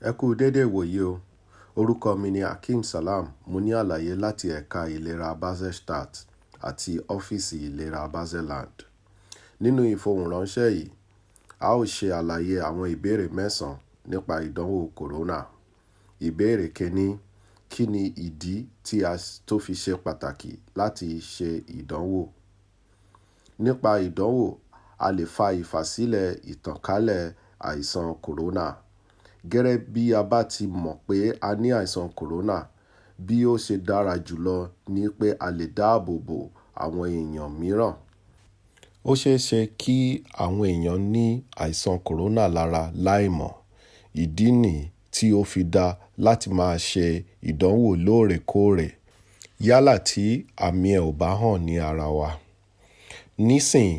Ẹ kú dédé ìwòye o. Orúkọ mi ni Hakeem Salam. Mo ní àlàyé láti ẹ̀ka ìlera Baselstat àti ọ́fíìsì ìlera Baseland. Nínú ìfohùnránṣẹ́ yìí, a ó ṣe àlàyé àwọn ìbéèrè mẹ́sàn-án nípa ìdánwò kòrónà. Ìbéèrè kìíní: Kí ni ìdí tí a tó fi ṣe pàtàkì láti ṣe ìdánwò? Nípa ìdánwò, a lè fa ìfàsílẹ̀ ìtànkálẹ̀ àìsàn kòrónà gẹ́gẹ́ bí a bá ti mọ̀ pé a ní àìsàn kòrónà bí ó ṣe dára jùlọ ni pé a lè dáàbò bo àwọn èèyàn mìíràn. ó ṣeé ṣe kí àwọn èèyàn ní àìsàn kòrónà lára láìmọ̀ ìdí nìyí tí ó fi dá láti máa ṣe ìdánwò lóòrèkóòrè yálà tí àmì ẹ̀ ò bá hàn ní ara wa. nísìn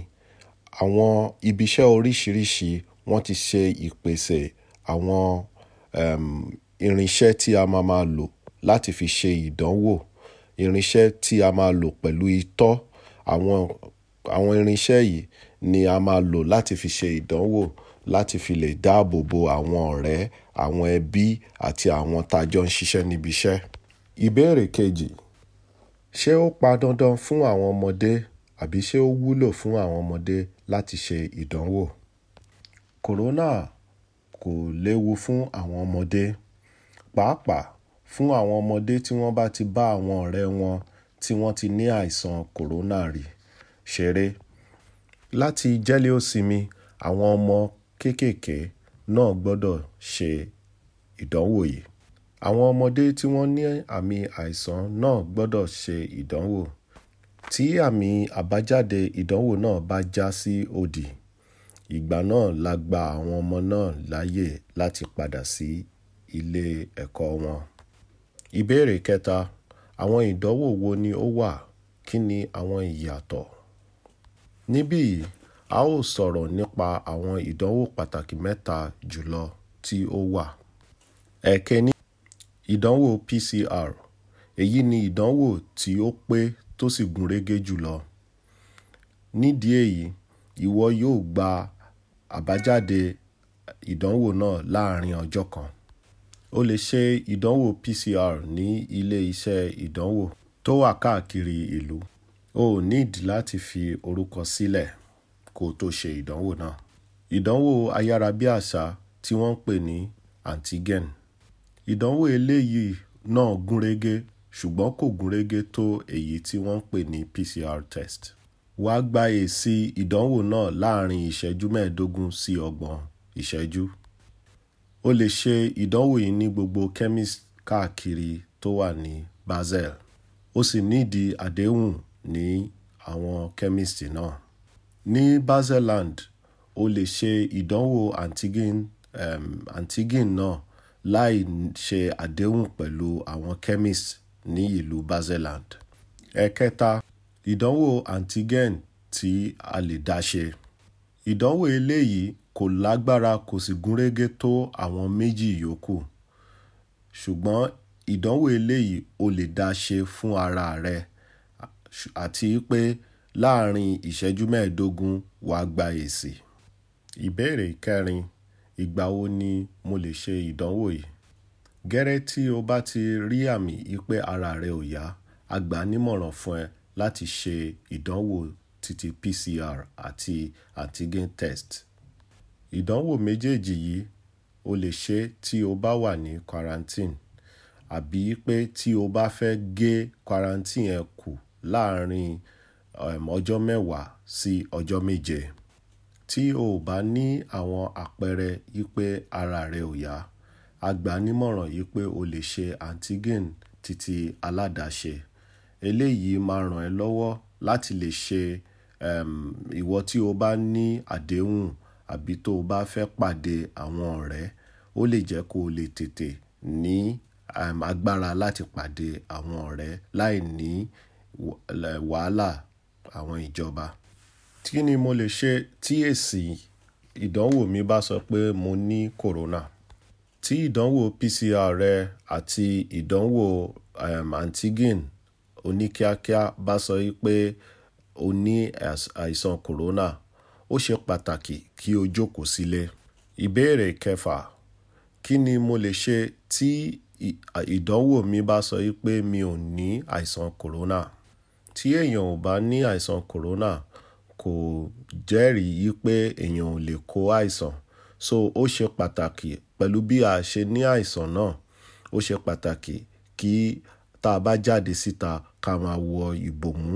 àwọn ibiṣẹ́ oríṣiríṣi wọ́n ti ṣe ìpèsè àwọn um, irinṣẹ́ tí a máa máa lò láti fi ṣe ìdánwò irinṣẹ́ tí a máa lò pẹ̀lú itọ́ àwọn àwọn irinṣẹ́ yìí ni a máa lò láti fi ṣe ìdánwò láti fi lè dáàbò bo àwọn ọ̀rẹ́ àwọn ẹbí àti àwọn tájọ́ ń ṣiṣẹ́ níbi iṣẹ́. ìbéèrè kejì ṣé ó pa dandan fún àwọn ọmọdé àbí ṣé ó wúlò fún àwọn ọmọdé láti ṣe ìdánwò? corona kò léwu fún àwọn ọmọdé, pàápàá fún àwọn ọmọdé tí wọ́n bá ti bá àwọn ọ̀rẹ́ wọn tí wọ́n ti ní àìsàn kòrónà rí ṣeré. Láti jẹ́lé ó sinmi, àwọn ọmọ kéékèèké náà gbọ́dọ̀ ṣe ìdánwò yìí. Àwọn ọmọdé tí wọ́n ní àmì àìsàn náà gbọ́dọ̀ ṣe ìdánwò. Tí àmì àbájáde ìdánwò náà bá já sí òdì, ìgbà náà la gba àwọn ọmọ náà láyè láti padà sí ilé ẹ̀kọ́ wọn. Ìbéèrè kẹta: àwọn ìdánwò wo ni ó wà? Kí ni àwọn ìyàtọ̀? Níbí yìí, a ó sọ̀rọ̀ nípa àwọn ìdánwò pàtàkì mẹ́ta jùlọ tí ó wà. Èkéní, ìdánwò PCR. Èyí ni ìdánwò tí ó pé tó sì gúnrégé jùlọ. Nídìí èyí, ìwọ yóò gba àbájáde ìdánwò náà láàárín ọjọ́ kan. O lè ṣe ìdánwò PCR ní ilé-iṣẹ́ ìdánwò tó wà káàkiri ìlú. O ò nídìí láti fi orúkọ sílẹ̀ kó o tó ṣe ìdánwò náà. Ìdánwò ayárabíàṣá tí wọ́n ń pè ní antigen. Ìdánwò eléyìí náà gúnrégé ṣùgbọ́n kò gúnrégé tó èyí tí wọ́n ń pè ní PCR test wàá gba èsì ìdánwò náà láàárín ìṣẹ́jú mẹ́ẹ̀ẹ́dógún sí ọgbọ̀n ìṣẹ́jú. o lè ṣe ìdánwò yìí ní gbogbo chemist káàkiri tó wà ní basel o sì nídìí àdéhùn ní àwọn chemist náà. ní Baselland o lè ṣe ìdánwò antigen um, antigen náà láì ṣe àdéhùn pẹ̀lú àwọn chemist ní ìlú Baselland. ẹ̀kẹta ìdánwò antigen tí a lè dá ṣe. ìdánwò eléyìí kò lágbára kò sì gúnrégé tó àwọn méjì yòókù ṣùgbọ́n ìdánwò eléyìí o lè dá ṣe fún ara rẹ àti pé láàárín ìṣẹ́jú mẹ́ẹ̀ẹ́dógún wà gba èsì. ìbéèrè kẹrin ìgbà wo ni mo lè ṣe ìdánwò yìí? gẹ́rẹ́ tí o bá ti rí àmì pé ara rẹ ò yá a fún ẹ láti ṣe ìdánwò titi PCR àti antigen test. Ìdánwò méjèèjì yìí o lè ṣe tí o bá wà ní quarantine àbí pé tí o bá fẹ́ gé quarantine ẹ kù láàárín um ọjọ́ mẹ́wàá sí ọjọ́ méje. Tí o bá ní àwọn àpẹẹrẹ yí pé ara rẹ ò yá, a gbà pé o lè ṣe antigen titi aládàáṣe eléyìí máa ràn ẹ́ lọ́wọ́ láti lè ṣe um, ìwọ tí o bá ní àdéhùn àbí tó o bá fẹ́ pàdé àwọn ọ̀rẹ́ ó lè jẹ́ kó o lè tètè ní agbára láti pàdé àwọn ọ̀rẹ́ láì ní wàhálà àwọn ìjọba. kí ni mo lè ṣe tí èsì ìdánwò mi bá sọ pé mo ní corona? tí ìdánwò PCR rẹ àti ìdánwò antigen oníkíákíá bá sọ pé o ní àìsàn corona ó ṣe pàtàkì kí o jókòó sílé. ìbéèrè kẹfà kí ni mo lè ṣe tí ìdánwò mi bá sọ pé mi ò ní àìsàn kòrónà? tí èèyàn ò bá ní àìsàn kòrónà kò jẹ́rìí pé èèyàn ò lè kó àìsàn so ó ṣe pàtàkì pẹ̀lú bí a ṣe ní àìsàn náà ó ṣe pàtàkì kí tá a bá jáde síta ká máa wọ ìbòmú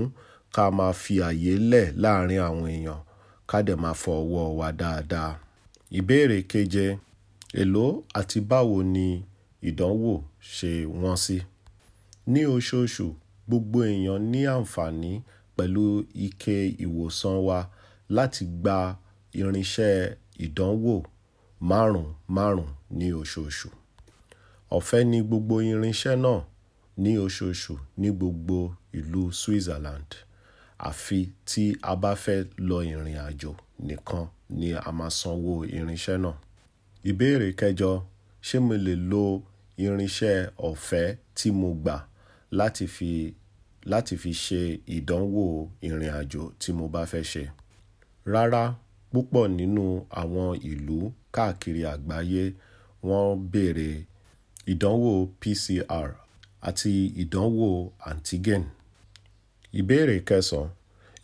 ká máa fi àyè lẹ̀ láàrin àwọn èèyàn ká dẹ̀ máa fọ ọwọ́ wa dáadáa. Ìbéèrè keje èló àti báwo ni ìdánwò ṣe wọ́n sí? Ní oṣooṣù, gbogbo èèyàn ní àǹfààní pẹ̀lú ike ìwòsàn wa láti gba irinṣẹ́ ìdánwò márùn-márùn ní oṣooṣù. Ọ̀fẹ́ ni gbogbo irinṣẹ́ náà ní oṣooṣù ní gbogbo ìlú Switzerland àfi tí a bá fẹ́ lọ ìrìn-àjò nìkan ni a máa sanwó irinṣẹ́ náà. Ìbéèrè kẹjọ: ṣé mo lè lo irinṣẹ́ ọ̀fẹ́ tí mo gbà láti fi, láti fi ṣe ìdánwò ìrìn-àjò tí mo bá fẹ́ ṣe? Rárá, púpọ̀ nínú àwọn ìlú káàkiri àgbáyé wọ́n ń ìdánwò PCR àti ìdánwò antigen. Ìbéèrè kẹsàn-án.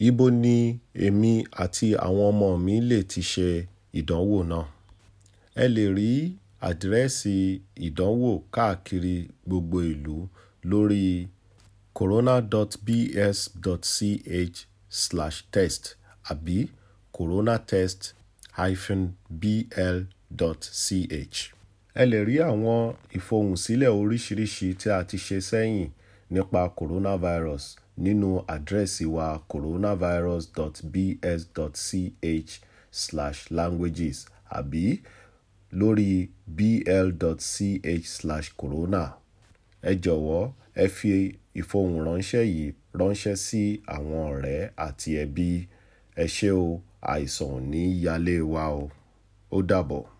Ibo ni èmi àti àwọn ọmọ mi lè ti ṣe ìdánwò náà? Ẹ lè rí àdírẹ́sì ìdánwò káàkiri gbogbo ìlú lórí corona.bs.ch/test àbí coronatest-bl.ch. Ẹ lè rí àwọn ìfohùnsílẹ̀ oríṣiríṣi tí a ti ṣe sẹ́yìn nípa coronavirus nínú àdírẹ́sì wa coronavirus.bs.ch/languages àbí lórí bl.ch/corona. Ẹ jọ̀wọ́ ẹ fi ìfohùnránṣẹ́ yìí ránṣẹ́ sí àwọn ọ̀rẹ́ àti ẹbí. Ẹ ṣé o, àìsàn ò ní yálé wa o. Ó dàbọ̀.